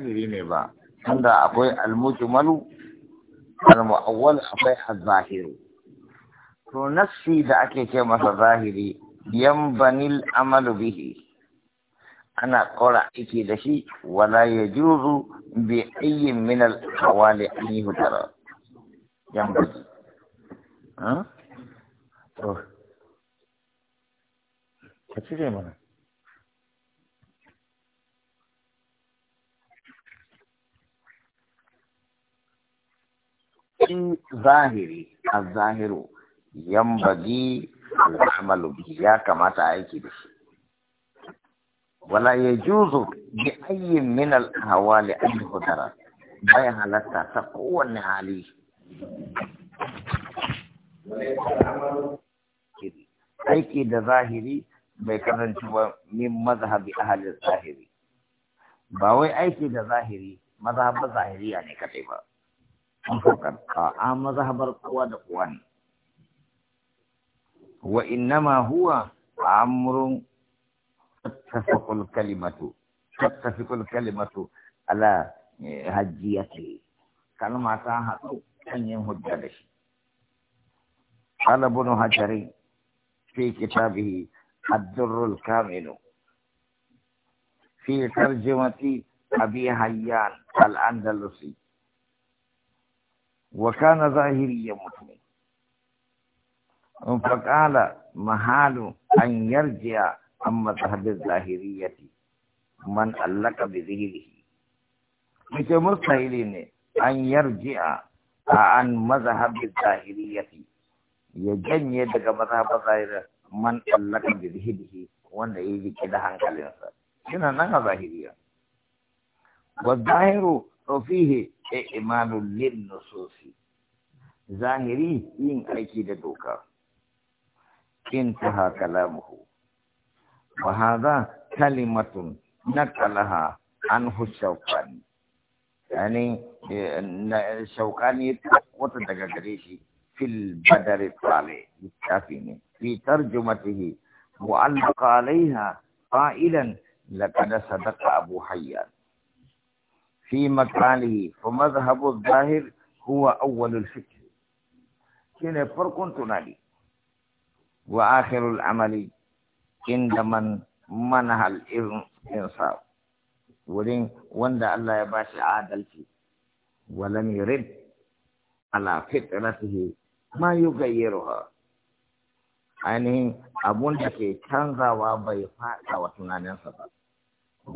zahiri ne ba tunda akwai almujmalu almu'awwal akwai azahiru to nafsi da ake ce masa zahiri yanbanil amalu bihi ana kora aiki da shi wala yajuzu bi ayyin min al hawali an yuhdara yanbaghi ha to ka cire mana zahiri a zahiru yan bagi al'amalu ya kamata aiki da shi wala ya juzu bi ayi min al-ahwali an hudara bayan halatta ta kowanne hali aiki da zahiri bai karanci ba min mazhabi ahalin zahiri ba wai aiki da zahiri mazhabin zahiriya ne kadai ba فقط a mazhabar kowa da kowa ne wa innama huwa amrun tattafiqul kalimatu tattafiqul kalimatu ala hajjiyati kalma mata hatu kan yin hujja da shi قال ابن هجري في كتابه الدر الكامل في ترجمة أبي حيان الأندلسي wa kana ya mutum in faƙala mahalu an yarjiya an mazhabin zahiriyati man allaka bi zahirihi mace ne an yarji'a a an mazhabin zahiriyati ya janye daga mazhabin zahiriya man allaka bi wanda ya jike da hankalinsa yana nan a zahiriya wa zahiru وفيه إعمال للنصوص ظاهري إن أكيد دوكا انتهى كلامه وهذا كلمة نقلها عنه الشوقاني يعني الشوقاني وتدقى قريشي في البدر الطالي في ترجمته وعلق عليها قائلا لقد صدق أبو حيان في مكانه فمذهب الظاهر هو أول الفكر كنا فرق تنالي وآخر العمل عند من منها الإنصاف ولين وند الله يباشي عادلتي ولم يرد على فطرته ما يغيرها ainihin abun da ke canzawa bai faɗa wa tunaninsa ba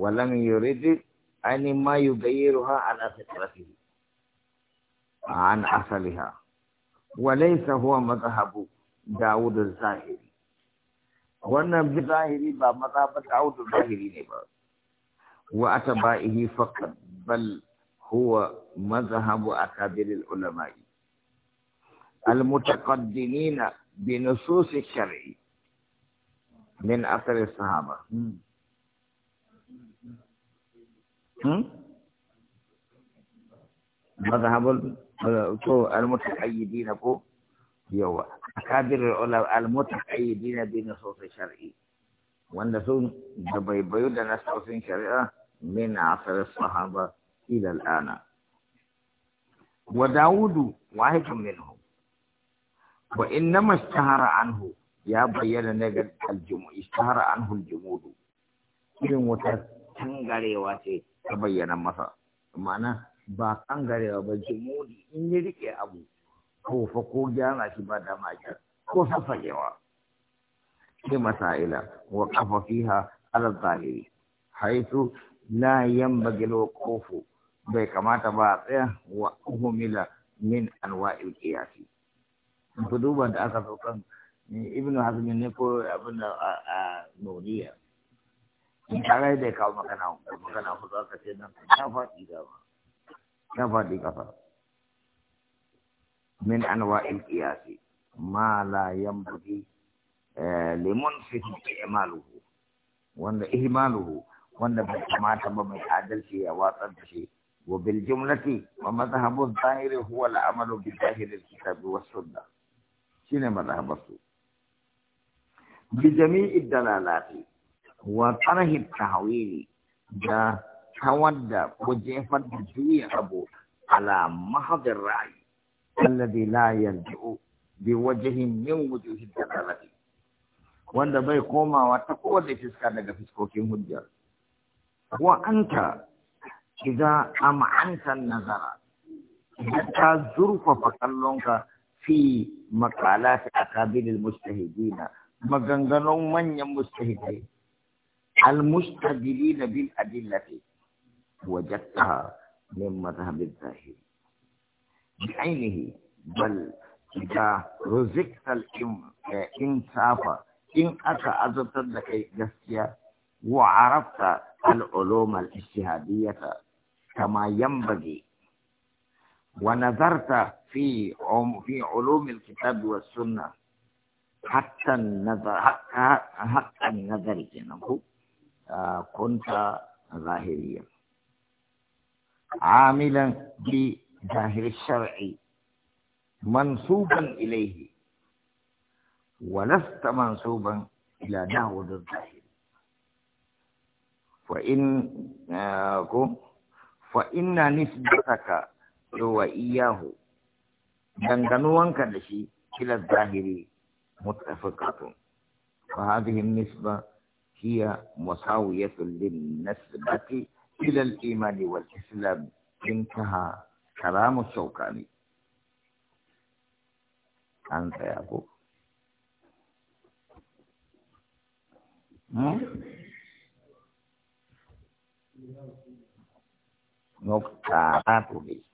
walam yuridi يعني ما يغيرها على فكرته عن أصلها وليس هو مذهب داود الظاهري وانا بظاهري با مذهب داود الظاهري وأتبائه فقط بل هو مذهب أكابر العلماء المتقدمين بنصوص الشرع من أثر الصحابة مذهب المتقيدين كو يوا أكابر العلماء المتقيدين بنصوص شرعي والنصوص بيبيو نصوص شرعي من عصر الصحابة إلى الآن وداود واحد منهم وإنما اشتهر عنه يا بيانا نجد الجمود اشتهر عنه الجمود إن متسنغري واتي ta bayyana masa ma'ana ba gare ba jimudi in yi rike abu ko fa ko gyara shi ba dama a ko fafagewa sai masaila wa kafa fiha ala zahiri haitu la yanbaghi al kofu. bai kamata ba a tsaya wa uhumila min anwa'il qiyasi ku duba da aka zo ibnu hazmin ne ko abin da a nuriya in tare da kawo magana magana ku za ka ce nan ta faɗi gaba ta faɗi gaba min anwa'il qiyasi ma la yanbaghi limun fi ihmaluhu wanda ihmaluhu wanda bai kamata ba mai adalci ya watsar da shi wa bil jumlati wa madhhabu adh-dhahiri huwa al-amalu bi dhahiri al-kitab wa sunnah shine madhhabu bi jami'i dalalati wa tarhi tahwili da kawar da ko jefar da juya abu ala mahadir ra'ayi alladhi la yarji'u bi wajhin min wujuhi dalalati wanda bai komawa ta kowace fiska daga fiskokin hujjar wa anta idza am'anta nazara idan ka zurfafa kallonka fi maqalat akabilil mustahidin maganganun manyan mujtahidai المستدلين بالأدلة وجدتها من مذهب الظاهر بعينه بل إذا رزقت الإنصاف إن أتى أزبت لك جسيا وعرفت العلوم الاجتهادية كما ينبغي ونظرت في في علوم الكتاب والسنة حتى النظر حتى حتى النظر جنبه kunta zahiriya. Amilan bi zahir shar'i mansuban ilaihi wa lasta mansuban ila nahwudu zahiri. Fa in ku fa inna nisbataka wa iyahu danganuwanka da shi kila zahiri mutafakatu. Fa hadhihi nisba هي مساوية للنسبة إلى الإيمان والإسلام انتهى كلام الشوكاني أنت يا أبو نقطة